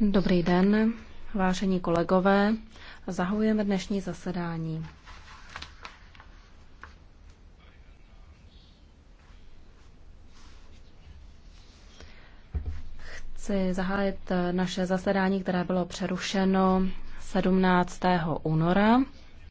Dobrý den, vážení kolegové. Zahujeme dnešní zasedání. Chci zahájit naše zasedání, které bylo přerušeno 17. února.